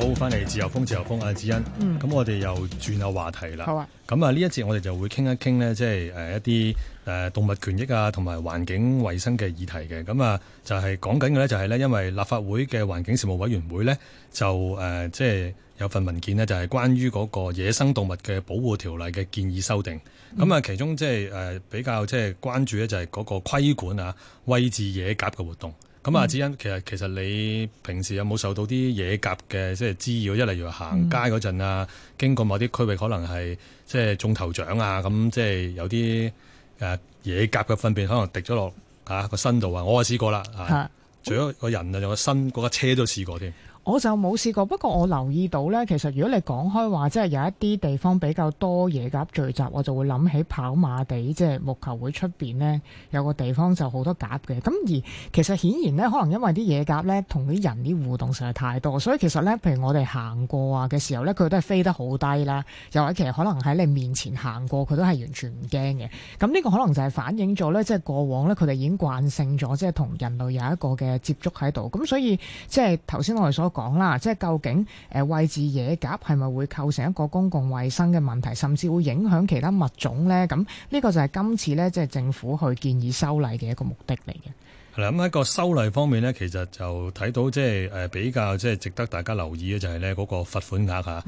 好，翻嚟自由風，自由風、啊，阿子欣，嗯，咁我哋又轉下話題啦。好啊。咁啊，呢一節我哋就會傾一傾咧，即係誒一啲誒動物權益啊，同埋環境衛生嘅議題嘅。咁啊，就係講緊嘅咧，就係咧，因爲立法會嘅環境事務委員會咧，就誒即係有份文件咧，就係關於嗰個野生動物嘅保護條例嘅建議修訂。咁啊，其中即係誒比較即係關注咧，就係嗰個規管啊，餵飼野鴿嘅活動。咁啊，子欣、嗯，其實其實你平時有冇受到啲野鴿嘅即係滋擾？一例如行街嗰陣啊，嗯、經過某啲區域可能係即係中頭獎啊，咁即係有啲誒野鴿嘅糞便可能滴咗落啊個身度啊！我啊試過啦，嚇，除咗個人啊，又個的身，嗰架車都試過添。我就冇試過，不過我留意到呢，其實如果你講開話，即係有一啲地方比較多野鴿聚集，我就會諗起跑馬地，即係木球會出面呢，有個地方就好多鴿嘅。咁而其實顯然呢，可能因為啲野鴿呢同啲人啲互動實在太多，所以其實呢，譬如我哋行過啊嘅時候呢，佢都係飛得好低啦，又或者其實可能喺你面前行過，佢都係完全唔驚嘅。咁呢個可能就係反映咗呢，即係過往呢，佢哋已經慣性咗，即係同人類有一個嘅接觸喺度。咁所以即係頭先我哋所講。講啦，即係究竟誒、呃、餵飼野鴿係咪會構成一個公共衛生嘅問題，甚至會影響其他物種呢？咁呢個就係今次呢即係政府去建議修例嘅一個目的嚟嘅。係啦，咁喺個修例方面咧，其實就睇到即係比較即係值得大家留意嘅就係咧嗰個罰款額下咁啊，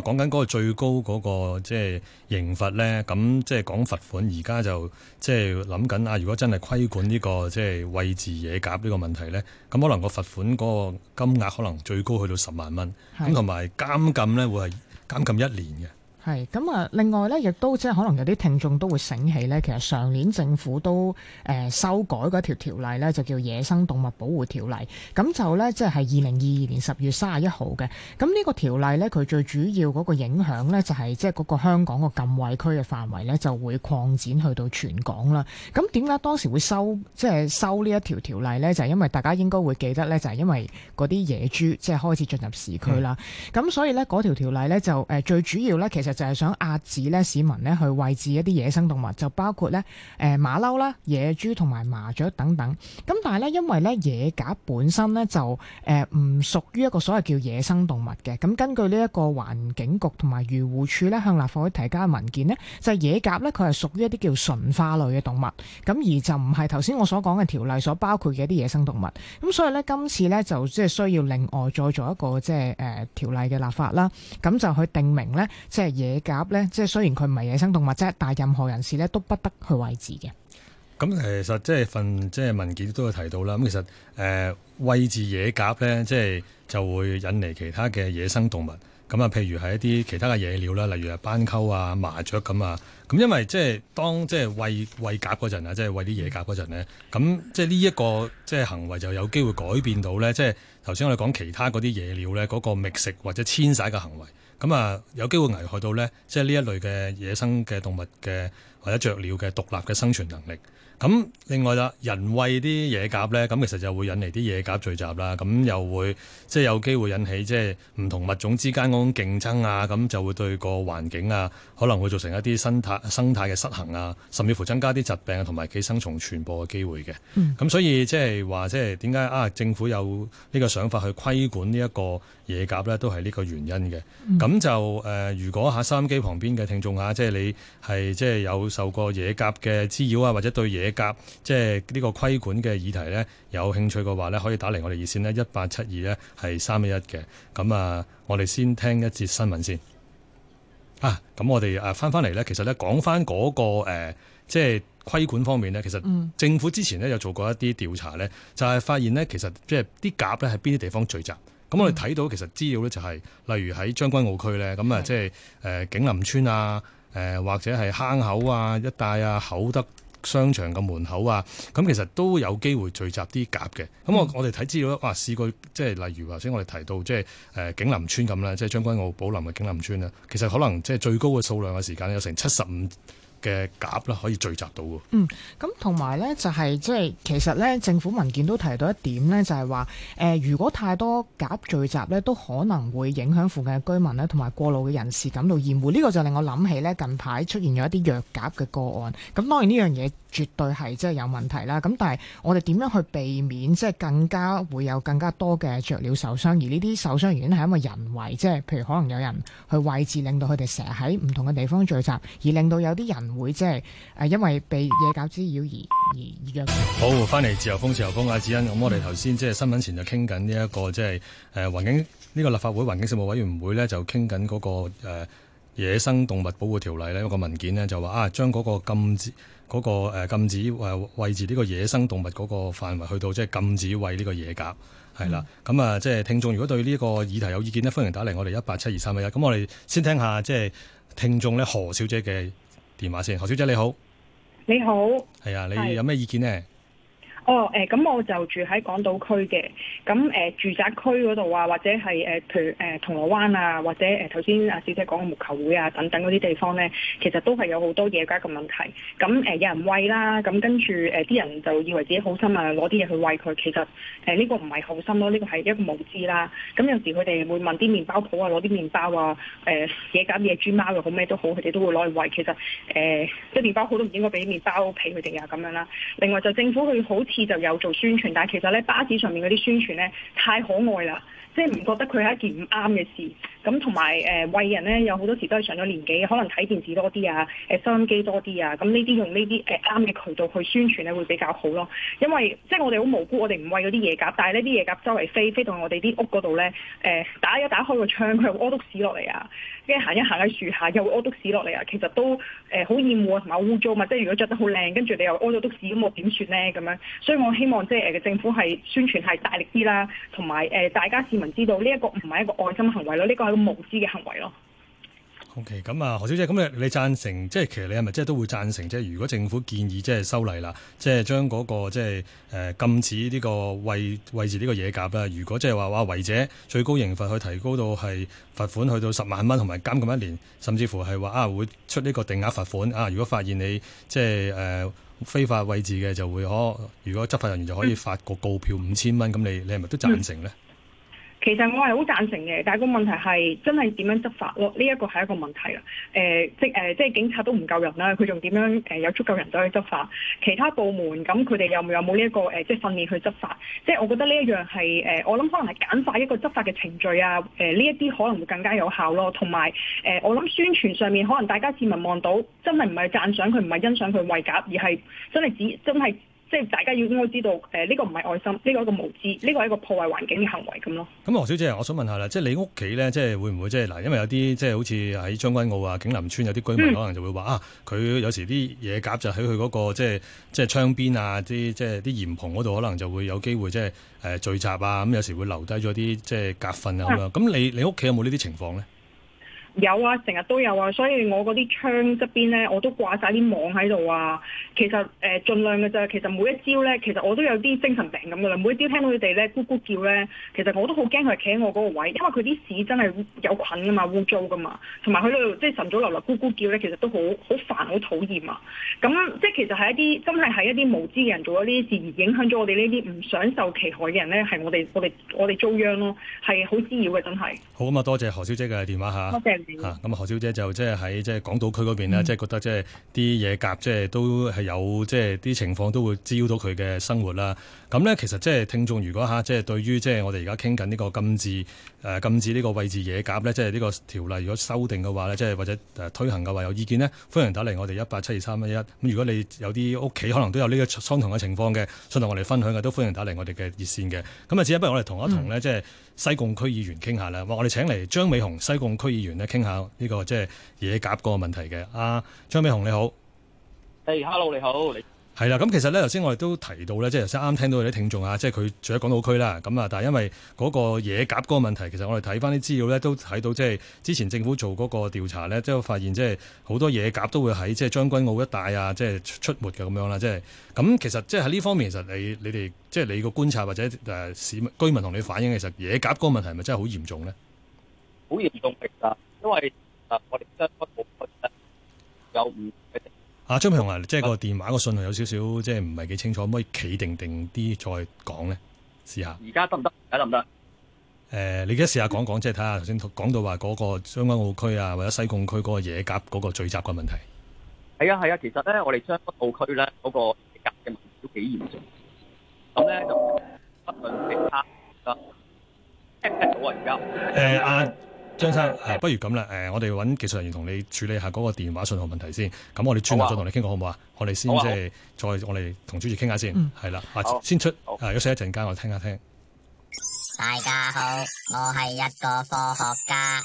講緊嗰個最高嗰個即係刑罰咧，咁即係講罰款，而家就即係諗緊啊，如果真係規管呢個即係餵飼野鴿呢個問題咧，咁可能個罰款嗰個金額可能最高去到十萬蚊，咁同埋監禁咧會係監禁一年嘅。係咁啊！另外咧，亦都即係可能有啲聽眾都會醒起咧，其實上年政府都誒、呃、修改嗰條條例咧，就叫《野生動物保護條例》呢。咁就咧、是，即係二零二二年十月三十一號嘅。咁呢個條例咧，佢最主要嗰個影響咧，就係即係嗰個香港個禁獵區嘅範圍咧，就會擴展去到全港啦。咁點解當時會修即係修呢一條條例呢，就是、因為大家應該會記得咧，就係因為嗰啲野豬即係開始進入市區啦。咁、嗯、所以咧，嗰條條例咧就誒、呃、最主要咧，其實。就係想壓止咧市民咧去餵飼一啲野生動物，就包括咧誒馬騮啦、野豬同埋麻雀等等。咁但係咧，因為咧野鴿本身咧就誒唔屬於一個所謂叫野生動物嘅。咁根據呢一個環境局同埋漁護署咧向立法會提交嘅文件咧，就係、是、野鴿咧佢係屬於一啲叫馴化類嘅動物。咁而就唔係頭先我所講嘅條例所包括嘅一啲野生動物。咁所以咧今次咧就即係需要另外再做一個即係誒條例嘅立法啦。咁就去定明咧即係。野鴿咧，即係雖然佢唔係野生動物啫，但係任何人士咧都不得去餵飼嘅。咁其實即係份即係文件都有提到啦。咁其實誒餵飼野鴿咧，即係就會引嚟其他嘅野生動物。咁啊，譬如係一啲其他嘅野鳥啦，例如係斑鳩啊、麻雀咁啊。咁因為即係當即係餵餵鴿嗰陣啊，即係餵啲野鴿嗰陣咧，咁即係呢一個即係行為就有機會改變到咧。即係頭先我哋講其他嗰啲野鳥咧，嗰個覓食或者遷徙嘅行為。咁啊，有機會危害到咧，即係呢一類嘅野生嘅動物嘅或者雀鳥嘅獨立嘅生存能力。咁另外啦，人餵啲野鴿咧，咁其實就會引嚟啲野鴿聚集啦，咁又會即係、就是、有機會引起即係唔同物種之間種競爭啊，咁就會對個環境啊，可能會造成一啲生態生態嘅失衡啊，甚至乎增加啲疾病同埋寄生蟲傳播嘅機會嘅。嗯。咁所以即係話即係點解啊？政府有呢個想法去規管呢一個野鴿咧，都係呢個原因嘅。嗯。咁就誒、呃、如果收音機旁邊嘅聽眾啊，即係你係即係有受過野鴿嘅滋擾啊，或者對野鴿即係呢個規管嘅議題呢，有興趣嘅話呢，可以打嚟我哋熱線呢，一八七二呢，係三一一嘅。咁啊，我哋先聽一節新聞先啊。咁我哋啊翻翻嚟呢，其實呢，講翻嗰、那個誒，即、呃、係、就是、規管方面呢。其實政府之前呢，有做過一啲調查呢，就係、是、發現呢，其實即係啲鴿呢，係邊啲地方聚集。咁我哋睇到其實資料呢，就係、是，例如喺將軍澳區呢，咁啊即係誒景林村啊，誒、呃、或者係坑口啊一帶啊，厚德。商場嘅門口啊，咁其實都有機會聚集啲鴿嘅。咁我我哋睇資料，啊，試過即係例如頭先我哋提到即係誒景林村咁啦，即係將軍澳寶林嘅景林村啊，其實可能即係最高嘅數量嘅時間有成七十五嘅鴿啦，可以聚集到喎。嗯，咁同埋呢，就係即係其實呢，政府文件都提到一點呢，就係話，誒，如果太多鴿聚集呢，都可能會影響附近嘅居民呢，同埋過路嘅人士感到厭惡。呢個就令我諗起呢，近排出現咗一啲虐鴿嘅個案。咁當然呢樣嘢。絕對係即係有問題啦，咁但係我哋點樣去避免即係、就是、更加會有更加多嘅雀鳥受傷？而呢啲受傷原因係因為人為，即、就、係、是、譬如可能有人去位置令到佢哋成日喺唔同嘅地方聚集，而令到有啲人會即係誒因為被野狗滋擾而而而。而好，翻嚟自由風自由風啊！子欣，嗯、我哋頭先即係新聞前就傾緊呢一個即係誒環境呢、這個立法會環境事務委員會咧、那個，就傾緊嗰個誒野生動物保護條例呢個文件呢，就話啊，將嗰個禁止嗰、嗰個禁止誒餵呢個野生動物嗰個範圍去到即係、就是、禁止餵呢個野鴿，係啦。咁啊、嗯，即係、嗯、聽眾如果對呢個議題有意見呢，歡迎打嚟我哋一八七二三一一。咁我哋先聽下即係、就是、聽眾咧何小姐嘅電話先。何小姐你好，你好，係啊好，你有咩意見呢？哦，誒、欸、咁我就住喺港島區嘅，咁、呃、住宅區嗰度啊，或者係誒譬如、呃、銅鑼灣啊，或者誒頭先阿小姐講嘅木球會啊等等嗰啲地方咧，其實都係有好多野家嘅問題。咁誒、呃、有人餵啦，咁跟住啲、呃、人就以為自己好心啊，攞啲嘢去餵佢。其實呢、呃這個唔係好心咯，呢、這個係一個無知啦。咁有時佢哋會問啲麵包鋪啊，攞啲麵包啊，呃、野狗野豬貓又好咩都好，佢哋都會攞去餵。其實誒啲、呃、麵包鋪都唔應該俾麵包俾佢哋啊，咁樣啦。另外就政府佢好似就有做宣傳，但係其實咧，巴士上面嗰啲宣傳咧，太可愛啦，即係唔覺得佢係一件唔啱嘅事。咁同埋誒，餵人咧有好多時都係上咗年紀，可能睇電視多啲啊，誒收音機多啲啊，咁呢啲用呢啲誒啱嘅渠道去宣傳咧會比較好咯。因為即係我哋好無辜，我哋唔餵嗰啲野鴿，但係呢啲野鴿周圍飛，飛到我哋啲屋嗰度咧誒打一打開個窗，佢又屙督屎落嚟啊！跟住行一行喺樹下又屙督屎落嚟啊！其實都誒好厭惡同埋污糟啊！即係如果着得好靚，跟住你又屙咗督屎，咁我點算咧咁樣？所以我希望即係誒政府係宣傳係大力啲啦，同埋誒大家市民知道呢一個唔係一個愛心行為咯，呢個。一個無知嘅行為咯。OK，咁啊，何小姐，咁你你贊成，即係其實你係咪即係都會贊成，即係如果政府建議即係修例啦，即係將嗰個即係誒禁止呢個餵喂飼呢個野鴿啦。如果即係話哇，違者最高刑罰去提高到係罰款去到十萬蚊，同埋監禁一年，甚至乎係話啊，會出呢個定額罰款啊。如果發現你即係誒非法餵飼嘅，就會可如果執法人員就可以發個告票五千蚊。咁、嗯、你你係咪都贊成咧？嗯其實我係好贊成嘅，但係個問題係真係點樣執法咯？呢一個係一個問題啦。誒、呃，即係即係警察都唔夠人啦，佢仲點樣誒、呃、有足夠人走去執法？其他部門咁佢哋有冇有冇呢一個誒、呃、即係訓練去執法？即係我覺得呢一樣係誒、呃，我諗可能係簡化一個執法嘅程序啊。誒、呃，呢一啲可能會更加有效咯。同埋誒，我諗宣傳上面可能大家市民望到真係唔係讚賞佢，唔係欣賞佢餵鴿，而係真係指真係。即係大家要應該知道，誒、這、呢個唔係愛心，呢、這個係一個無知，呢、這個係一個破壞環境嘅行為咁咯。咁何小姐，我想問下啦，即係你屋企咧，即係會唔會即係嗱，因為有啲即係好似喺將軍澳啊、景林村有啲居民、嗯、可能就會話啊，佢有時啲野鴿就喺佢嗰個即係即係窗邊啊，啲即係啲鹽棚嗰度可能就會有機會即係誒聚集啊，咁有時會留低咗啲即係鴿糞啊咁樣。咁、嗯、你你屋企有冇呢啲情況咧？有啊，成日都有啊，所以我嗰啲窗側邊咧，我都掛晒啲網喺度啊。其實誒、呃，盡量嘅啫。其實每一朝咧，其實我都有啲精神病咁噶啦。每一朝聽到佢哋咧咕咕叫咧，其實我都好驚佢企喺我嗰個位，因為佢啲屎真係有菌噶嘛，污糟噶嘛，同埋佢度即係晨早流流咕咕叫咧，其實都好好煩，好討厭啊。咁即係其實係一啲真係係一啲無知嘅人做咗呢啲事，而影響咗我哋呢啲唔想受其害嘅人咧，係我哋我哋我哋遭殃咯，係好滋擾嘅，真係。好啊嘛，多謝何小姐嘅電話嚇。多謝。咁啊，何小姐就即係喺即係港島區嗰邊即係、嗯、覺得即係啲野鴿即係都係有即係啲情況都會招到佢嘅生活啦。咁呢，其實即係聽眾，如果吓即係對於即係我哋而家傾緊呢個禁止、啊、禁止呢個位置野鴿呢，即係呢個條例如果修訂嘅話呢，即係或者推行嘅話有意見呢，歡迎打嚟我哋，一八七二三一一。咁如果你有啲屋企可能都有呢個相同嘅情況嘅，想同我哋分享嘅，都歡迎打嚟我哋嘅熱線嘅。咁啊，只不如我哋同一同呢，即係、嗯、西貢區議員傾下啦。我哋請嚟張美雄西貢區議員呢，傾下呢、這個即係、就是、野鴿個問題嘅，阿、啊、張美雄，你好。誒、hey,，hello 你好。係啦，咁其實咧，頭先我哋都提到咧，即係頭先啱聽到啲聽眾啊，即係佢住喺港島區啦，咁啊，但係因為嗰個野鴿嗰個問題，其實我哋睇翻啲資料咧，都睇到即係、就是、之前政府做嗰個調查咧，即、就、係、是、發現即係好多野鴿都會喺即係將軍澳一帶啊，即、就、係、是、出沒嘅咁樣啦。即係咁，其實即係喺呢方面，其實你你哋即係你個觀察或者誒市民居民同你反映，其實野鴿嗰個問題係咪真係好嚴重咧？好嚴重㗎。因為誒，我哋將北部有五個啊，張、啊、美雄平、啊，嗯、即係個電話個信號有少少，嗯、即係唔係幾清楚，可唔可以企定定啲再講咧，試下。而家得唔得？而家得唔得？誒，你而家試下講講，即係睇下頭先講到話嗰個將軍澳區啊，或者西貢區嗰個野鴿嗰個聚集嘅問題。係啊係啊，其實咧我哋將北澳區咧嗰個野鴿嘅問題都幾嚴重。咁咧就不准其他。好啊，你好。誒、呃，阿、啊。啊。張生 yeah, yeah, yeah.、啊，不如咁啦，誒、呃，我哋搵技術人員同你處理下嗰個電話信號問題先。咁我哋轉頭再同你傾過好唔好啊？我哋先即係再，我哋同主持傾下先，係啦，先出啊，休息一陣間，我聽下聽。大家好，我係一個科學家，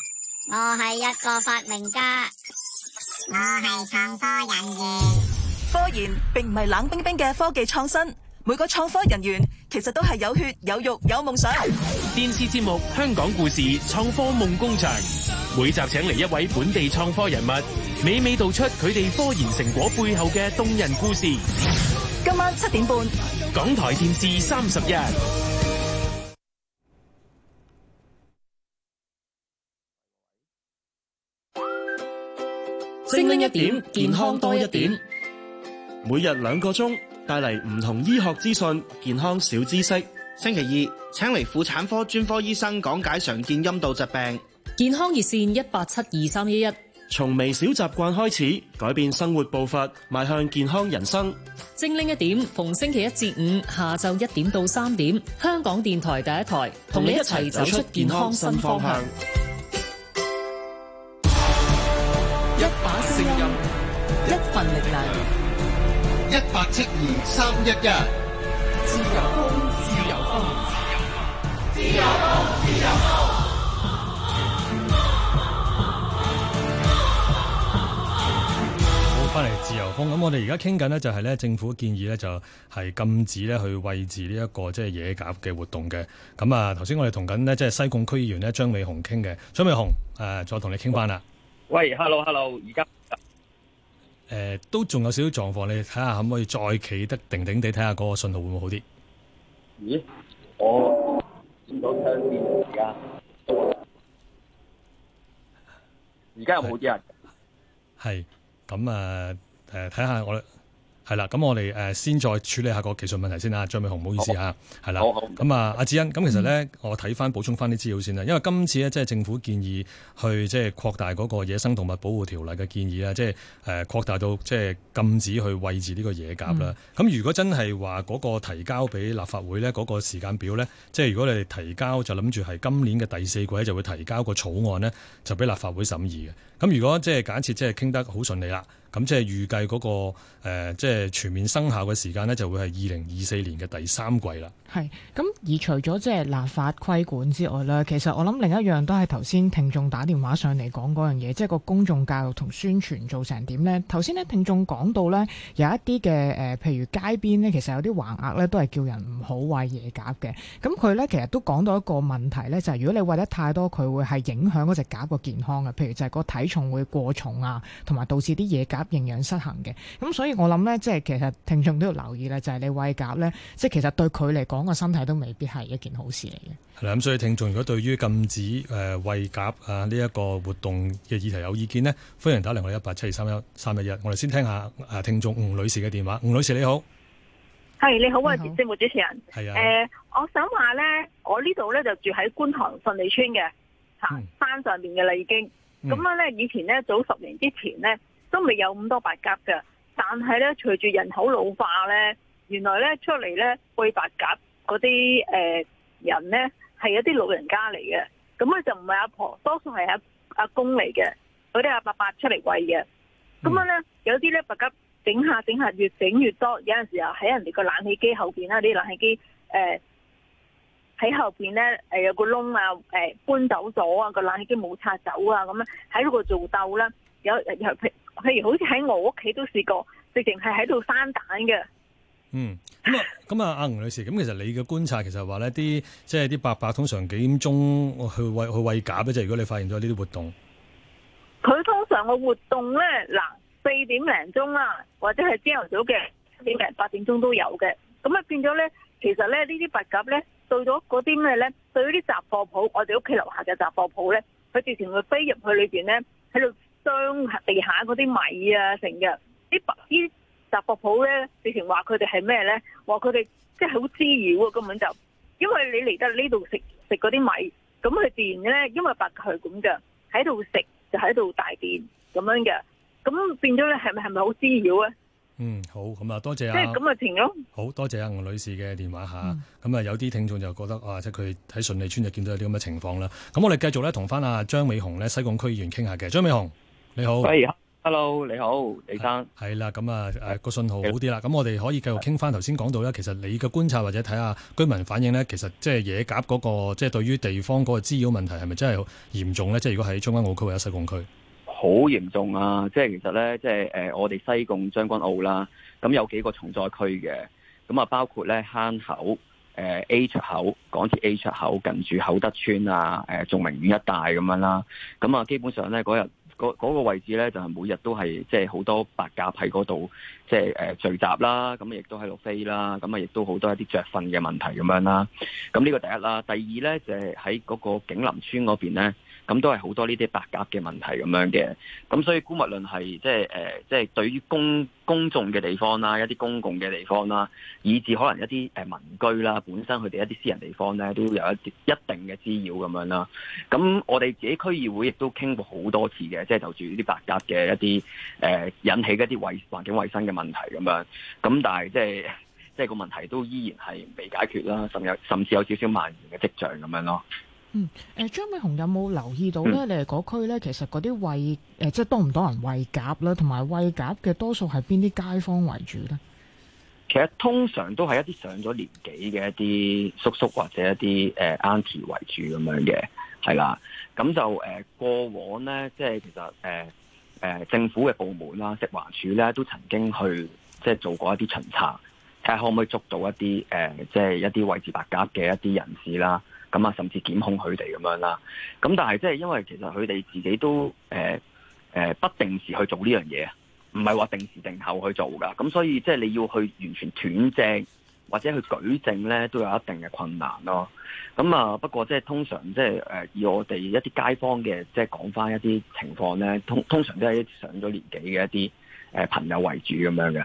我係一個發明家，我係創科人員。科研並唔係冷冰冰嘅科技創新。每個創科人員其實都係有血有肉有夢想。電視節目《香港故事創科夢工場》，每集請嚟一位本地創科人物，娓娓道出佢哋科研成果背後嘅動人故事。今晚七點半，港台電視三十日。精靈一點，健康多一點。每日兩個鐘。帶嚟唔同醫學資訊、健康小知識。星期二，請嚟婦產科專科醫生講解常見陰道疾病。健康熱線一八七二三一一。從微小習慣開始，改變生活步伐，邁向健康人生。精靈一點，逢星期一至五下晝一點到三點，香港電台第一台，同你一齊走出健康新方向。一把聲音，一份力量。一八七二三一一，自由風，自由風，自由風，自由風，自由風。 好，翻嚟自由風。咁我哋而家傾緊呢，就係呢政府建議呢，就係禁止呢去餵飼呢一個即係野鴿嘅活動嘅。咁啊，頭先我哋同緊呢即係西貢區議員呢張美雄傾嘅。張美雄，誒、啊、再同你傾翻啦。喂，Hello，Hello，而家。Hello, hello, 誒、呃，都仲有少少狀況，你睇下可唔可以再企得定定地睇下嗰個信號會唔會好啲？咦，我見到聽電呢？而家，而家有冇啲人，係咁啊！誒，睇下我咧。係啦，咁我哋誒先再處理下個技術問題先啦，張美雄唔好意思吓，係啦好，咁了啊，阿志欣，咁、嗯、其實咧，我睇翻補充翻啲資料先啦，因為今次咧即係政府建議去即係擴大嗰個野生動物保護條例嘅建議啊，即係誒擴大到即係禁止去喂飼呢個野鴿啦。咁、嗯、如果真係話嗰個提交俾立法會咧，嗰、那個時間表咧，即、就、係、是、如果你哋提交就諗住係今年嘅第四季就會提交個草案咧，就俾立法會審議嘅。咁如果即係假設即係傾得好順利啦。咁即係預計嗰個即係、呃、全面生效嘅時間呢，就會係二零二四年嘅第三季啦。係，咁而除咗即係立法規管之外呢，其實我諗另一樣都係頭先聽眾打電話上嚟講嗰樣嘢，即係個公眾教育同宣傳做成點呢？頭先呢聽眾講到呢，有一啲嘅誒，譬、呃、如街邊呢，其實有啲橫額呢，都係叫人唔好餵野鴿嘅。咁佢呢，其實都講到一個問題呢，就係如果你餵得太多，佢會係影響嗰隻鴿個健康嘅，譬如就係個體重會過重啊，同埋導致啲野鴿。營養失衡嘅，咁所以我諗咧，即係其實聽眾都要留意咧，就係、是、你喂鴿咧，即係其實對佢嚟講個身體都未必係一件好事嚟嘅。係啦，咁所以聽眾如果對於禁止誒喂鴿啊呢一個活動嘅議題有意見咧，歡迎打嚟我哋一八七二三一三一一。我哋先聽下誒聽眾吳女士嘅電話。吳女士你好，係你好啊，節目主持人。係啊，誒，我想話咧，我呢度咧就住喺觀塘順利村嘅，爬、嗯、山上邊嘅啦已經。咁、嗯、樣咧，以前咧早十年之前咧。都未有咁多白鴿嘅，但係呢，隨住人口老化呢，原來呢出嚟呢，喂白鴿嗰啲誒人呢，係一啲老人家嚟嘅，咁咧就唔係阿婆，多數係阿阿公嚟嘅，嗰啲阿伯伯出嚟喂嘅，咁樣呢，有啲呢白鴿整下整下越整越多，有陣時候喺人哋個冷氣機後邊啦，啲冷氣機誒喺後邊呢，誒有個窿啊，誒搬走咗啊，個冷氣機冇拆走啊，咁樣喺嗰度做斗啦，有。有譬如好似喺我屋企都試過，直情係喺度生蛋嘅。嗯，咁啊，咁啊，阿吳女士，咁其實你嘅觀察其實話咧，啲即係啲伯伯通常幾點鐘去餵去餵餵鴿咧？即係如果你發現咗呢啲活動，佢通常嘅活動咧，嗱四點零鐘啦、啊，或者係朝頭早嘅七點零、八點鐘都有嘅。咁啊變咗咧，其實咧呢啲白鴿咧到咗嗰啲咩咧？對呢啲雜貨鋪，我哋屋企樓下嘅雜貨鋪咧，佢直情會飛入去裏邊咧，喺度。將地下嗰啲米啊，成日啲白啲雜貨鋪咧，直情話佢哋係咩咧？話佢哋即係好滋擾啊！根本就因為你嚟得呢度食食嗰啲米，咁佢自然咧，因為白佢咁噶，喺度食就喺度大便咁樣嘅，咁變咗咧係咪係咪好滋擾啊？嗯，好，咁、嗯、啊多謝啊，即係咁啊停咯，好多謝啊吳女士嘅電話吓，咁啊、嗯嗯、有啲聽眾就覺得啊，即係佢喺順利村就見到有啲咁嘅情況啦。咁我哋繼續咧同翻阿張美雄咧西貢區議員傾下嘅，張美雄。.你好，喂、hey，Hello，你好，李生，係啦，咁啊，誒，個信號好啲啦，咁我哋可以繼續傾翻頭先講到咧，其實你嘅觀察或者睇下居民反應咧，其實即係野鴿嗰個，即係對於地方嗰個滋擾問題係咪真係嚴重咧？即係如果喺將軍澳區或者西貢區，好嚴重啊！即係其實咧，即係誒、呃，我哋西貢將軍澳啦，咁有幾個重災區嘅，咁啊包括咧坑口，誒 A 出口、港鐵 A 出口近住厚德邨啊，誒、呃，眾明苑一帶咁樣啦，咁啊基本上咧嗰日。嗰嗰個位置咧，就係、是、每日都係即係好多白鴿喺嗰度，即係誒聚集啦，咁亦都喺度飛啦，咁啊亦都好多一啲着瞓嘅問題咁樣啦。咁呢個第一啦，第二咧就係喺嗰個景林村嗰邊咧。咁都係好多呢啲白鴿嘅問題咁樣嘅，咁所以估物論論係即係即係對於公公眾嘅地方啦，一啲公共嘅地方啦，以至可能一啲誒民居啦，本身佢哋一啲私人地方咧，都有一啲一定嘅滋擾咁樣啦。咁我哋自己區議會亦都傾過好多次嘅，即係就住呢啲白鴿嘅一啲誒引起一啲衞環境衛生嘅問題咁樣係、就係。咁但係即係即係個問題都依然係未解決啦，甚至有甚至有少少蔓延嘅跡象咁樣咯。嗯，誒，張美雄有冇留意到咧？你哋嗰區咧，其實嗰啲餵誒，嗯、即係多唔多人餵鴿啦？同埋餵鴿嘅多數係邊啲街坊為主咧？其實通常都係一啲上咗年紀嘅一啲叔叔或者一啲誒 auntie 為主咁樣嘅，係啦。咁、嗯、就誒過往咧，即、就、係、是、其實誒誒、呃、政府嘅部門啦，食環署咧都曾經去即係、就是、做過一啲巡查，睇下可唔可以捉到一啲誒，即、呃、係、就是、一啲餵食白鴿嘅一啲人士啦。咁啊，甚至檢控佢哋咁樣啦。咁但係即係因為其實佢哋自己都誒誒不定時去做呢樣嘢，唔係話定時定候去做噶。咁所以即係你要去完全斷正，或者去舉證咧，都有一定嘅困難咯。咁啊，不過即係通常即係誒，以我哋一啲街坊嘅即係講返一啲情況咧，通通常都係上咗年紀嘅一啲誒朋友為主咁樣嘅。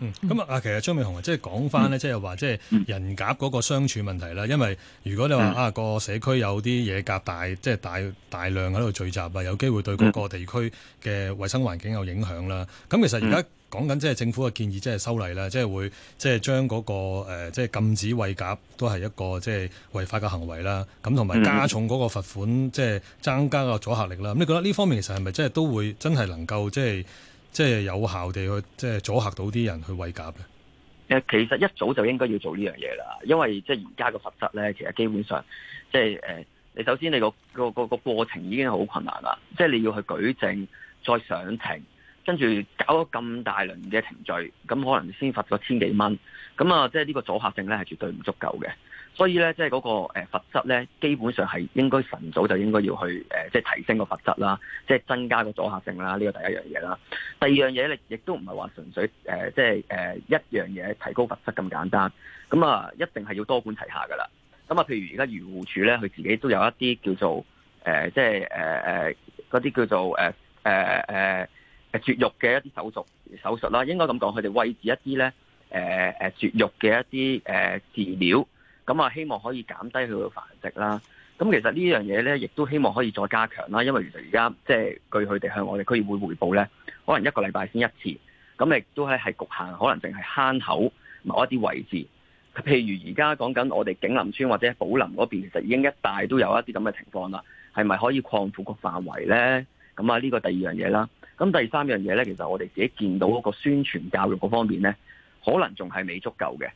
嗯，咁啊，其實張美雄啊，即係講翻咧，即係話即係人鴿嗰個相處問題啦。因為如果你話啊、那個社區有啲野鴿大，即、就、係、是、大大量喺度聚集啊，有機會對嗰個地區嘅衛生環境有影響啦。咁、嗯嗯、其實而家講緊即係政府嘅建議，即係修例啦即係會即係將嗰個即係、呃就是、禁止餵鴿都係一個即係違法嘅行為啦。咁同埋加重嗰個罰款，即係增加個阻嚇力啦。咁、嗯、你覺得呢方面其實係咪即係都會真係能夠即係？即係有效地去，即係阻嚇到啲人去餵鴿咧。誒，其實一早就應該要做呢樣嘢啦，因為即係而家嘅罰則咧，其實基本上即係誒、呃，你首先你個個個個過程已經好困難啦。即係你要去舉證，再上庭，跟住搞咗咁大輪嘅程序，咁可能先罰咗千幾蚊，咁啊，即係呢個阻嚇性咧係絕對唔足夠嘅。所以咧，即係嗰個誒罰則咧，基本上係應該晨早就應該要去誒，即係提升個罰則啦，即係增加個阻嚇性啦，呢個第一樣嘢啦。第二樣嘢咧，亦都唔係話純粹誒，即係誒一樣嘢提高罰則咁簡單。咁啊，一定係要多管齊下噶啦。咁啊，譬如而家漁護署咧，佢自己都有一啲叫做誒，即係誒誒嗰啲叫做誒誒誒絕育嘅一啲手續手術啦。應該咁講，佢哋餵置一啲咧誒誒絕育嘅一啲誒飼料。呃咁啊，希望可以減低佢嘅繁殖啦。咁其實呢樣嘢呢，亦都希望可以再加強啦。因為其實而家即係據佢哋向我哋區議會回報呢，可能一個禮拜先一次。咁亦都係係局限，可能淨係坑口，某一啲位置。譬如而家講緊我哋景林村或者寶林嗰邊，其實一帶已經都有一啲咁嘅情況啦。係咪可以擴闊個範圍呢？咁啊，呢個第二樣嘢啦。咁第三樣嘢呢，其實我哋自己見到嗰個宣傳教育嗰方面呢，可能仲係未足夠嘅，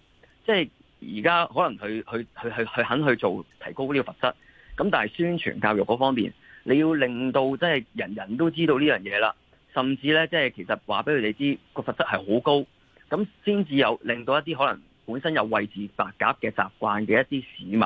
即而家可能佢佢佢佢肯去做提高呢個罰則，咁但係宣傳教育嗰方面，你要令到即係人人都知道呢樣嘢啦，甚至呢，即係其實話俾佢哋知個罰則係好高，咁先至有令到一啲可能本身有餵飼白鴿嘅習慣嘅一啲市民，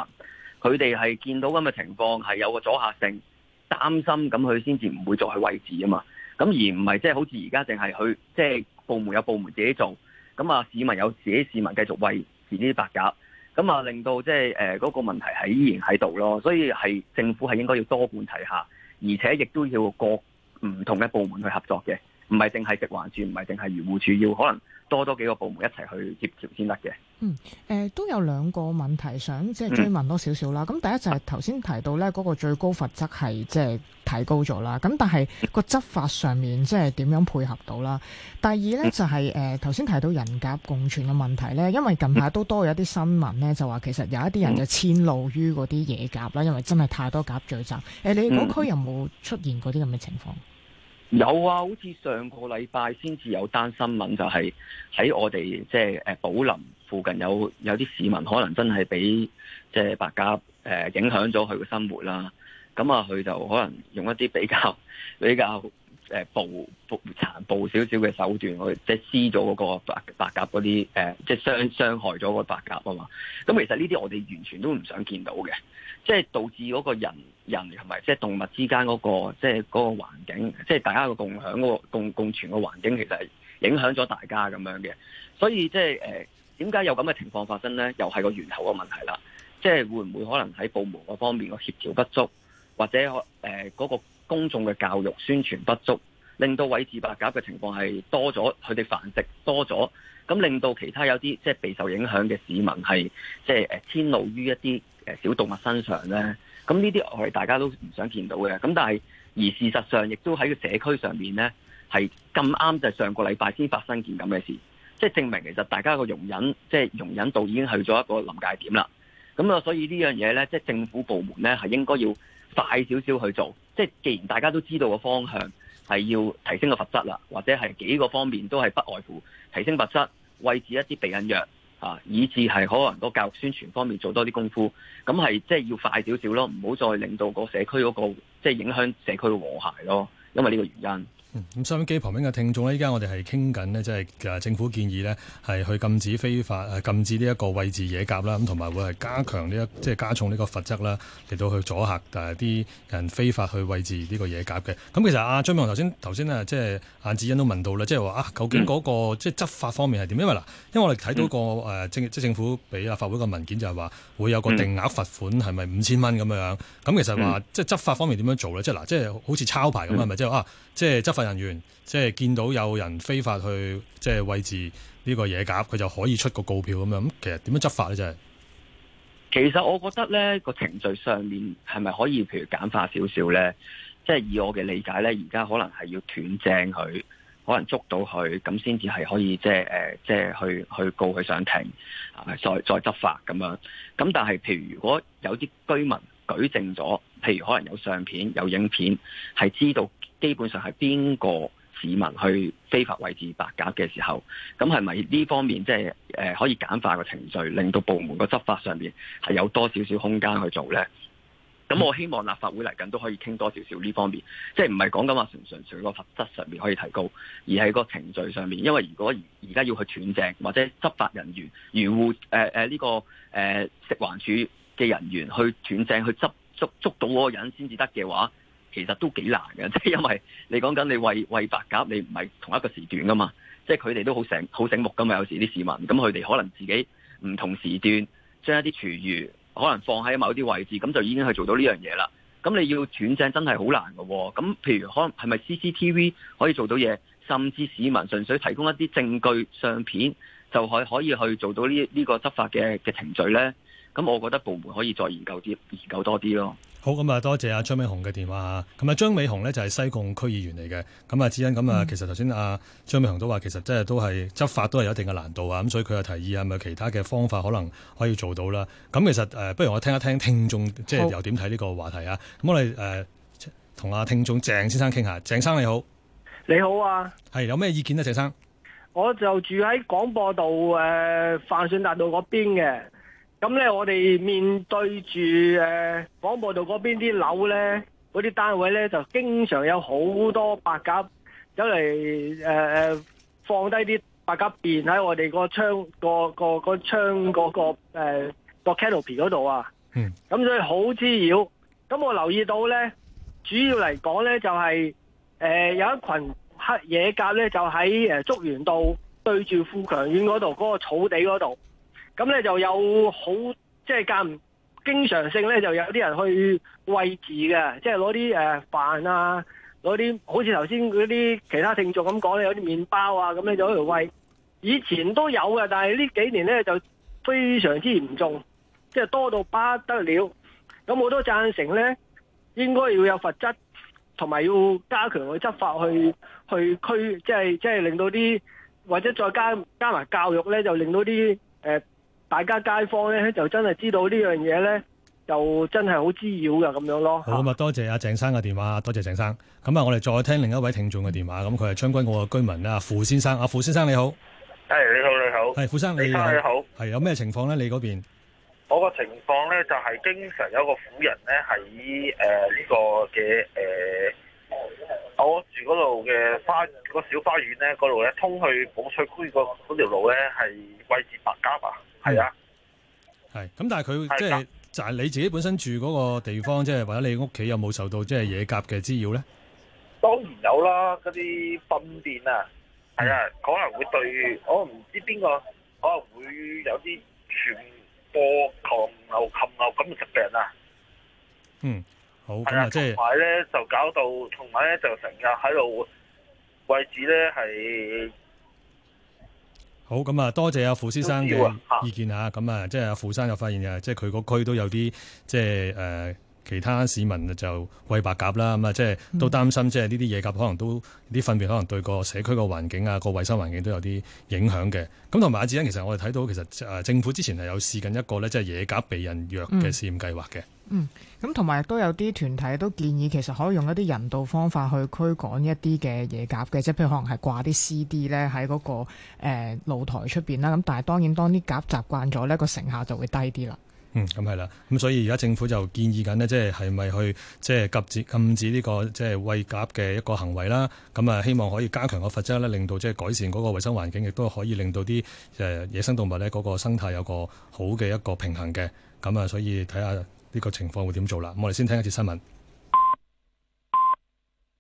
佢哋係見到咁嘅情況係有個阻嚇性，擔心咁佢先至唔會再去餵飼啊嘛。咁而唔係即係好似而家淨係去即係部門有部門自己做，咁啊市民有自己市民繼續餵。自啲白鴿，咁啊令到即係誒個問題係依然喺度咯，所以係政府係應該要多管齊下，而且亦都要各唔同嘅部門去合作嘅，唔係淨係食環處，唔係淨係漁護處，要可能。多多幾個部門一齊去協調先得嘅。嗯，誒、呃、都有兩個問題想即係追問多少少啦。咁第一就係頭先提到咧嗰個最高罰則係即係提高咗啦。咁但係個執法上面即係點樣配合到啦？第二咧、嗯、就係誒頭先提到人鴿共存嘅問題咧，因為近排都多咗一啲新聞咧，就話其實有一啲人就遷怒於嗰啲野鴿啦，因為真係太多鴿聚集。你嗰區有冇出現過啲咁嘅情況？有啊，好似上個禮拜先至有單新聞，就係喺我哋即係誒寶林附近有有啲市民可能真係俾即係白鴿誒影響咗佢嘅生活啦，咁啊佢就可能用一啲比較比較，比較誒暴暴殘暴少少嘅手段，去即係撕咗嗰個白鴿個白鴿嗰啲誒，即係傷傷害咗個白鴿啊嘛。咁其實呢啲我哋完全都唔想見到嘅，即係導致嗰個人人同埋即係動物之間嗰、嗰個即係嗰個環境，即係大家個共享個共共存個環境，其實係影響咗大家咁樣嘅。所以即係誒，點解有咁嘅情況發生咧？又係個源頭個問題啦。即係會唔會可能喺部門嗰方面個協調不足，或者嗰、呃嗰個？公眾嘅教育宣傳不足，令到餵飼白鴿嘅情況係多咗，佢哋繁殖多咗，咁令到其他有啲即係備受影響嘅市民係即係誒遷怒於一啲誒小動物身上咧。咁呢啲我哋大家都唔想見到嘅。咁但係而事實上亦都喺個社區上面咧係咁啱就上個禮拜先發生件咁嘅事，即係證明其實大家個容忍即係容忍度已經去咗一個臨界點啦。咁啊，所以呢樣嘢咧，即係政府部門咧係應該要快少少去做。即係，既然大家都知道個方向係要提升個罰則啦，或者係幾個方面都係不外乎提升罰則、位置一啲避孕藥啊，以至係可能個教育宣傳方面做多啲功夫，咁係即係要快少少咯，唔好再令到個社區嗰、嗰個即係影響社區嘅和諧咯，因為呢個原因。咁收音機旁邊嘅聽眾呢，依家我哋係傾緊呢，即、就、係、是、政府建議呢，係去禁止非法、禁止呢一個餵飼野鴿啦，咁同埋會係加強呢、這、一、個，即、就、係、是、加重呢個罰則啦，嚟到去阻嚇誒啲人非法去餵飼呢個野鴿嘅。咁其實阿、啊、張美雄頭先頭先咧，即係晏子欣都問到啦，即係話啊，究竟嗰、那個即係、就是、執法方面係點？因為嗱、啊，因為我哋睇到個誒政，即係、嗯啊就是、政府俾啊立法會個文件就係話會有個定額罰款，係咪五千蚊咁樣？咁其實話即係執法方面點樣做呢？即係嗱，即、啊、係、就是、好似抄牌咁、嗯就是、啊？咪即係啊，即係執法。人員即係見到有人非法去即係位置呢個野鴿，佢就可以出個告票咁樣。咁其實點樣執法咧？就係其實我覺得咧個程序上面係咪可以譬如簡化少少咧？即係以我嘅理解咧，而家可能係要斷正佢，可能捉到佢咁先至係可以即係誒，即係去去告佢上庭啊，再再執法咁樣。咁但係譬如如果有啲居民舉證咗。譬如可能有相片、有影片，係知道基本上係邊個市民去非法餵飼白鴿嘅時候，咁係咪呢方面即係誒可以簡化個程序，令到部門個執法上面係有多少少空間去做咧？咁我希望立法會嚟緊都可以傾多少少呢方面，即係唔係講緊話純純粹個罰則上面可以提高，而係個程序上面。因為如果而家要去斷正或者執法人員漁護誒誒呢個誒、呃、食環署嘅人員去斷正去執。捉捉到嗰個人先至得嘅話，其實都幾難嘅，即係因為你講緊你餵餵白鴿，你唔係同一個時段噶嘛，即係佢哋都好醒好醒目噶嘛，有時啲市民，咁佢哋可能自己唔同時段將一啲廚餘可能放喺某啲位置，咁就已經去做到呢樣嘢啦。咁你要轉正，真係好難嘅喎。咁譬如可能係咪 CCTV 可以做到嘢，甚至市民純粹提供一啲證據相片，就可可以去做到呢呢個執法嘅嘅程序呢？咁，我覺得部門可以再研究啲，研究多啲咯。好，咁啊，多謝阿張美雄嘅電話。咁啊，張美雄咧就係西貢區議員嚟嘅。咁啊，智欣咁啊、嗯，其實頭先阿張美雄都話，其實即係都係執法都係有一定嘅難度啊。咁所以佢又提議啊，咪其他嘅方法可能可以做到啦。咁其實不如我聽一聽聽眾，好即係又點睇呢個話題啊？咁我哋，同、呃、阿聽眾鄭先生傾下。鄭生你好，你好啊，係有咩意見啊？鄭生？我就住喺廣播道誒泛順大道嗰邊嘅。咁咧，我哋面對住誒廣播道嗰邊啲樓咧，嗰啲單位咧就經常有好多白鴿走嚟誒誒，放低啲白鴿便喺我哋個，個，個窗個、呃、個個窗個個 canopy 嗰度啊。嗯。咁所以好滋擾。咁我留意到咧，主要嚟講咧就係、是呃、有一群黑野鴿咧，就喺誒竹園道對住富強苑嗰度嗰個草地嗰度。咁咧就有好即係唔經常性咧，就有啲人去餵治嘅，即係攞啲誒飯啊，攞啲好似頭先嗰啲其他聽眾咁講咧，有啲麵包啊咁咧就喺度餵。以前都有嘅，但係呢幾年咧就非常之嚴重，即係多到不得了。咁我都贊成咧，應該要有罰則，同埋要加強去執法去去驅，即係即係令到啲或者再加加埋教育咧，就令到啲誒。呃大家街坊咧就真係知道呢樣嘢咧，就真係好滋擾噶咁樣咯。好咁啊、嗯，多謝阿鄭生嘅電話，多謝鄭生。咁啊，我哋再聽另一位聽眾嘅電話。咁佢係將軍澳嘅居民啦，傅、啊、先生。傅、啊、先生你好，係你好你好，係傅生你好，係、hey, 有咩情況咧？你嗰邊我個情況咧就係、是、經常有個婦人咧喺誒呢、呃這個嘅誒、呃，我住嗰度嘅花、那個小花園咧，嗰度咧通去寶翠區嗰條路咧係餵飼白鴿啊。係啊，係咁，但係佢的即係就係你自己本身住嗰個地方，即係或者你屋企有冇受到即係野鴿嘅滋擾咧？當然有啦，嗰啲糞便啊，係啊、嗯，可能會對，我唔知邊個可能會有啲傳播狂牛禽流感嘅疾病啊。嗯，好，係啊的，同埋咧就搞到，同埋咧就成日喺度位置咧係。是好，咁啊，多謝阿傅先生嘅意見吓。咁啊，即係阿傅生就發現啊，即係佢個區都有啲即係誒。呃其他市民就餵白鴿啦，咁啊，即係都擔心，即係呢啲野鴿可能都啲、嗯、糞便可能對個社區個環境啊，個衛生環境都有啲影響嘅。咁同埋阿志欣，其實我哋睇到其實政府之前係有試緊一個呢，即係野鴿避孕藥嘅試驗計劃嘅、嗯。嗯，咁同埋亦都有啲團體都建議，其實可以用一啲人道方法去驅趕一啲嘅野鴿嘅，即係譬如可能係掛啲 CD 咧喺嗰個露台出面啦。咁但係當然，當啲鴿習慣咗呢、個成效就會低啲啦。嗯，咁係啦，咁、嗯、所以而家政府就建議緊呢，即係係咪去即係禁止禁止呢個即係餵鴿嘅一個行為啦。咁啊，希望可以加強個罰則呢，令到即係改善嗰個衛生環境，亦都可以令到啲誒野生動物呢，嗰個生態有個好嘅一個平衡嘅。咁、嗯、啊，所以睇下呢個情況會點做啦。咁我哋先聽一次新聞。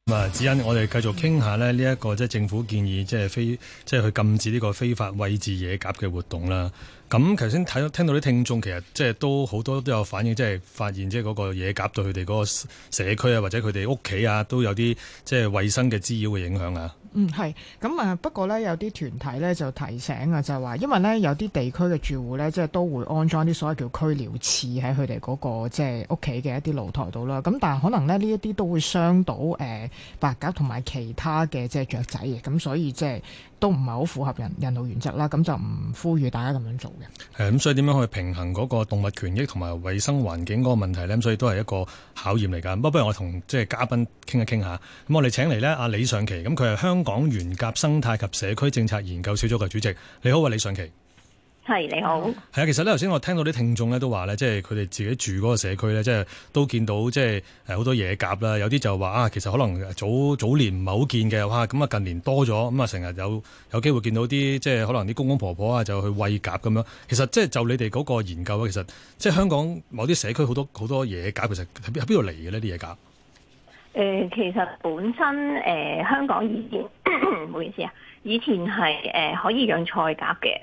咁啊、嗯，子欣、嗯，我哋繼續傾下咧，呢一個即係政府建議，即係非即係去禁止呢個非法餵飼野鴿嘅活動啦。咁頭先睇到聽到啲聽眾，其實即係都好多都有反映，即係發現即係嗰個野鴿對佢哋嗰個社區啊，或者佢哋屋企啊，都有啲即係衛生嘅滋擾嘅影響啊。嗯，係。咁啊，不過呢，有啲團體呢，就提醒啊，就係話因為呢，有啲地區嘅住戶呢，即係都會安裝啲所謂叫驅鳥刺喺佢哋嗰個即係屋企嘅一啲露台度啦。咁但係可能呢，呢一啲都會傷到誒、呃、白鴿同埋其他嘅即係雀仔嘅。咁所以即係都唔係好符合人人道原則啦。咁就唔呼籲大家咁樣做。係咁，所以點樣去平衡嗰個動物權益同埋衛生環境嗰個問題呢？咁所以都係一個考驗嚟㗎。咁不，不如我同即係嘉賓傾一傾下。咁我哋請嚟呢，阿李上琦，咁佢係香港原鴿生態及社區政策研究小組嘅主席。你好，我係李上琦。係你好，係啊、嗯，其實咧，頭先我聽到啲聽眾咧都話咧，即係佢哋自己住嗰個社區咧，即係都見到即係誒好多野鴿啦，有啲就話啊，其實可能早早年唔係好見嘅，哇、嗯，咁啊近年多咗，咁啊成日有有機會見到啲即係可能啲公公婆婆啊就去餵鴿咁樣。其實即係就你哋嗰個研究啊，其實即係香港某啲社區好多好多野鴿，其實喺邊度嚟嘅呢？啲野鴿？誒、呃，其實本身誒、呃、香港以前唔好意思啊，以前係誒、呃、可以養菜鴿嘅。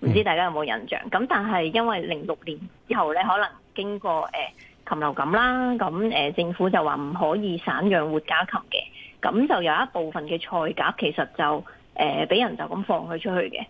唔、嗯、知大家有冇印象？咁但係因為零六年之後咧，可能經過誒禽、呃、流感啦，咁、呃、政府就話唔可以散養活家禽嘅，咁就有一部分嘅菜鴿其實就誒俾、呃、人就咁放佢出去嘅，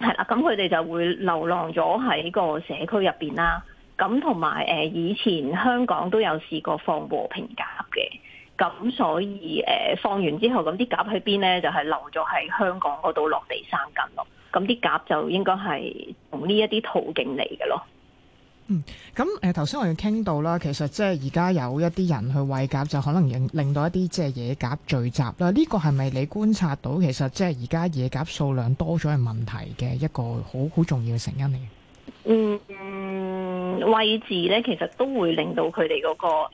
係啦，咁佢哋就會流浪咗喺個社區入面啦。咁同埋以前香港都有試過放和平鴿嘅，咁所以、呃、放完之後，咁啲鴿喺邊咧就係、是、留咗喺香港嗰度落地生根咯。咁啲鴿就應該係從呢一啲途徑嚟嘅咯。嗯，咁誒頭先我哋傾到啦，其實即係而家有一啲人去餵鴿，就可能令令到一啲即係野鴿聚集啦。呢、這個係咪你觀察到其實即係而家野鴿數量多咗嘅問題嘅一個好好重要嘅成因嚟？嗯，位置咧，其實都會令到佢哋嗰個誒，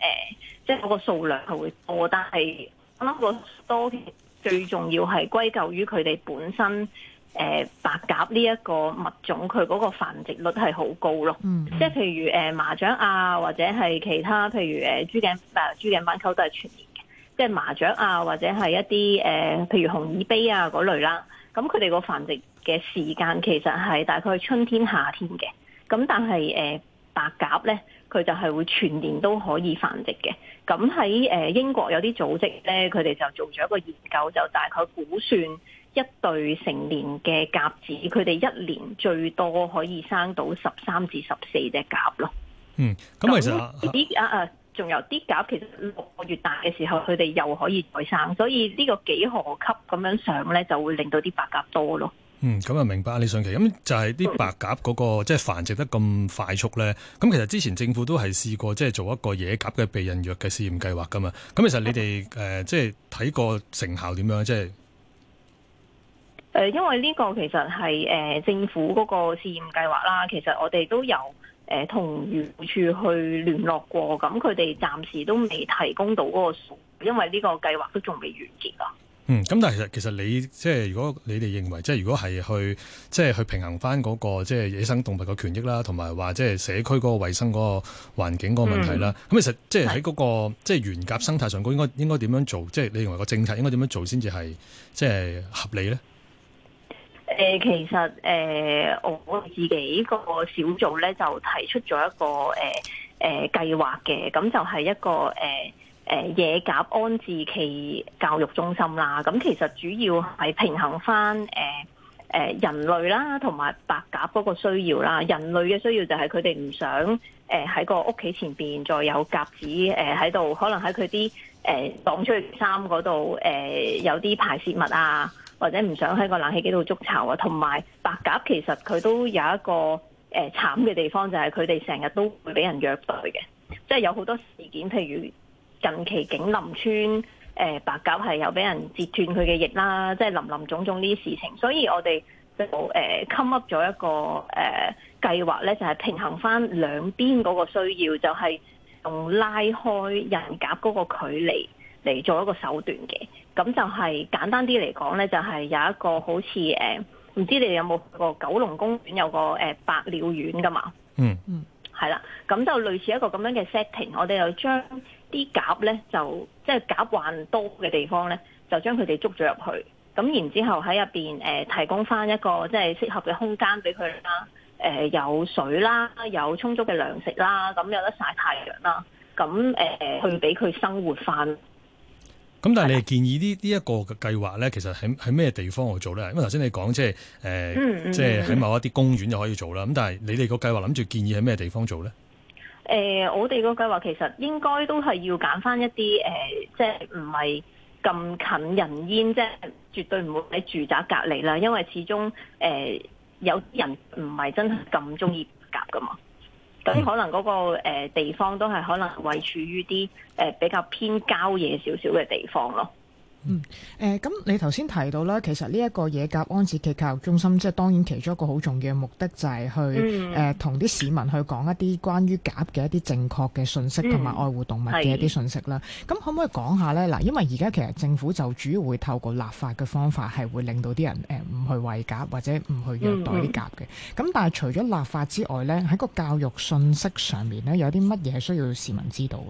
即係嗰個數量係會多，但係我諗個多嘅最重要係歸咎於佢哋本身。誒白鴿呢一個物種，佢嗰個繁殖率係好高咯，即係嗯嗯譬如誒麻雀啊，或者係其他譬如誒珠頸啊、珠、呃、頸斑鳩都係全年嘅，即係麻雀啊，或者係一啲誒、呃、譬如紅耳鵯啊嗰類啦，咁佢哋個繁殖嘅時間其實係大概是春天、夏天嘅，咁但係誒、呃、白鴿咧，佢就係會全年都可以繁殖嘅。咁喺誒英國有啲組織咧，佢哋就做咗一個研究，就大概估算。一對成年嘅鴿子，佢哋一年最多可以生到十三至十四隻鴿咯。嗯，咁其實啲啊啊，仲、啊啊、有啲鴿其實六個月大嘅時候，佢哋又可以再生，所以呢個幾何級咁樣上咧，就會令到啲白鴿多咯。嗯，咁啊明白李上琦。咁就係啲白鴿嗰個即係繁殖得咁快速咧。咁、嗯、其實之前政府都係試過即係做一個野鴿嘅避孕藥嘅試驗計劃噶嘛。咁其實你哋誒即係睇過成效點樣即係。因為呢個其實係、呃、政府嗰個試驗計劃啦。其實我哋都有誒同、呃、漁護署去聯絡過，咁佢哋暫時都未提供到嗰個數，因為呢個計劃都仲未完結啊。嗯，咁但係其實其實你即係，如果你哋認為即係如果係去即係去平衡翻、那、嗰個即係野生動物嘅權益啦，同埋話即係社區嗰個衛生嗰個環境嗰個問題啦，咁、嗯、其實即係喺嗰個即係原鴿生態上應該應該應該點樣做？即係你認為個政策應該點樣做先至係即係合理咧？誒、呃，其實誒、呃，我自己個小組咧就提出咗一個誒誒計劃嘅，咁、呃呃、就係一個誒誒、呃、野鴿安置期教育中心啦。咁其實主要係平衡翻誒誒人類啦，同埋白鴿嗰個需要啦。人類嘅需要就係佢哋唔想誒喺、呃、個屋企前邊再有鴿子誒喺度，可能喺佢啲誒晾出去衫嗰度誒有啲排泄物啊。或者唔想喺個冷氣機度捉巢啊，同埋白鴿其實佢都有一個誒、呃、慘嘅地方，就係佢哋成日都會俾人虐待嘅，即係有好多事件，譬如近期景林村誒、呃、白鴿係有俾人截斷佢嘅翼啦，即係林林種種呢啲事情，所以我哋即係誒 come up 咗一個誒、呃、計劃咧，就係、是、平衡翻兩邊嗰個需要，就係、是、用拉開人鴿嗰個距離。嚟做一個手段嘅，咁就係簡單啲嚟講呢就係有一個好似誒，唔、呃、知道你哋有冇去過九龍公園有個誒百、呃、鳥園噶嘛？嗯嗯，係啦，咁就類似一個咁樣嘅 setting，我哋就將啲鴿呢，就即係鴿患多嘅地方呢，就將佢哋捉咗入去，咁然之後喺入邊誒提供翻一個即係適合嘅空間俾佢啦，誒、呃、有水啦，有充足嘅糧食啦，咁有得曬太陽啦，咁誒去俾佢生活翻。嗯。咁、嗯、但係你係建議呢呢一個計劃咧，其實喺喺咩地方去做咧？因為頭先你講、呃嗯嗯、即係誒，即係喺某一啲公園就可以做啦。咁但係你哋個計劃諗住建議喺咩地方做咧？誒、呃，我哋個計劃其實應該都係要揀翻一啲誒，即係唔係咁近人煙，即、就、係、是、絕對唔會喺住宅隔籬啦。因為始終誒、呃、有人唔係真係咁中意鴿噶嘛。咁可能嗰個、呃、地方都係可能位處於啲、呃、比較偏郊野少少嘅地方咯。嗯，咁、呃、你頭先提到啦，其實呢一個野鴿安置嘅教育中心，即係當然其中一個好重要嘅目的就，就係去同啲市民去講一啲關於鴿嘅一啲正確嘅信息，同埋、嗯、愛護動物嘅一啲信息啦。咁、嗯、可唔可以講下呢？嗱，因為而家其實政府就主要會透過立法嘅方法，係會令到啲人唔去餵鴿，或者唔去虐待啲鴿嘅。咁、嗯嗯、但係除咗立法之外呢，喺個教育信息上面呢，有啲乜嘢係需要市民知道嘅？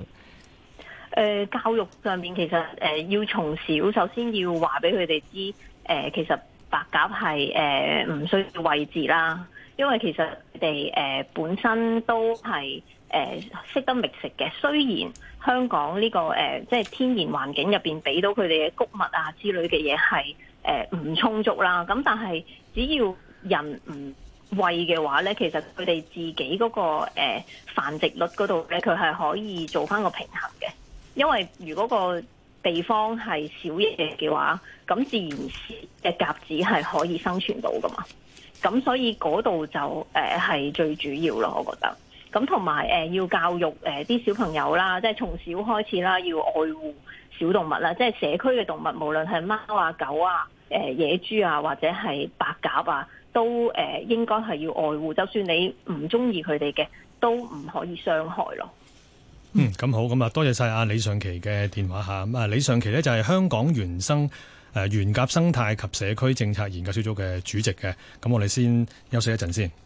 誒教育上面其實誒要從小，首先要話俾佢哋知，誒其實白鴿係誒唔需要餵飼啦，因為其實佢哋誒本身都係誒識得覓食嘅。雖然香港呢個誒即係天然環境入邊俾到佢哋嘅谷物啊之類嘅嘢係誒唔充足啦，咁但係只要人唔餵嘅話咧，其實佢哋自己嗰個繁殖率嗰度咧，佢係可以做翻個平衡嘅。因為如果個地方係少嘢嘅話，咁自然嘅鴿子係可以生存到噶嘛。咁所以嗰度就誒、是、係、呃、最主要咯，我覺得。咁同埋誒要教育誒啲、呃、小朋友啦，即、就、係、是、從小開始啦，要愛護小動物啦。即、就、係、是、社區嘅動物，無論係貓啊、狗啊、誒、呃、野豬啊，或者係白鴿啊，都誒、呃、應該係要愛護。就算你唔中意佢哋嘅，都唔可以傷害咯。嗯，咁好，咁啊，多謝晒阿李上琦嘅電話吓，咁啊，李上琦呢就係香港原生原鴿生態及社區政策研究小組嘅主席嘅，咁我哋先休息一陣先。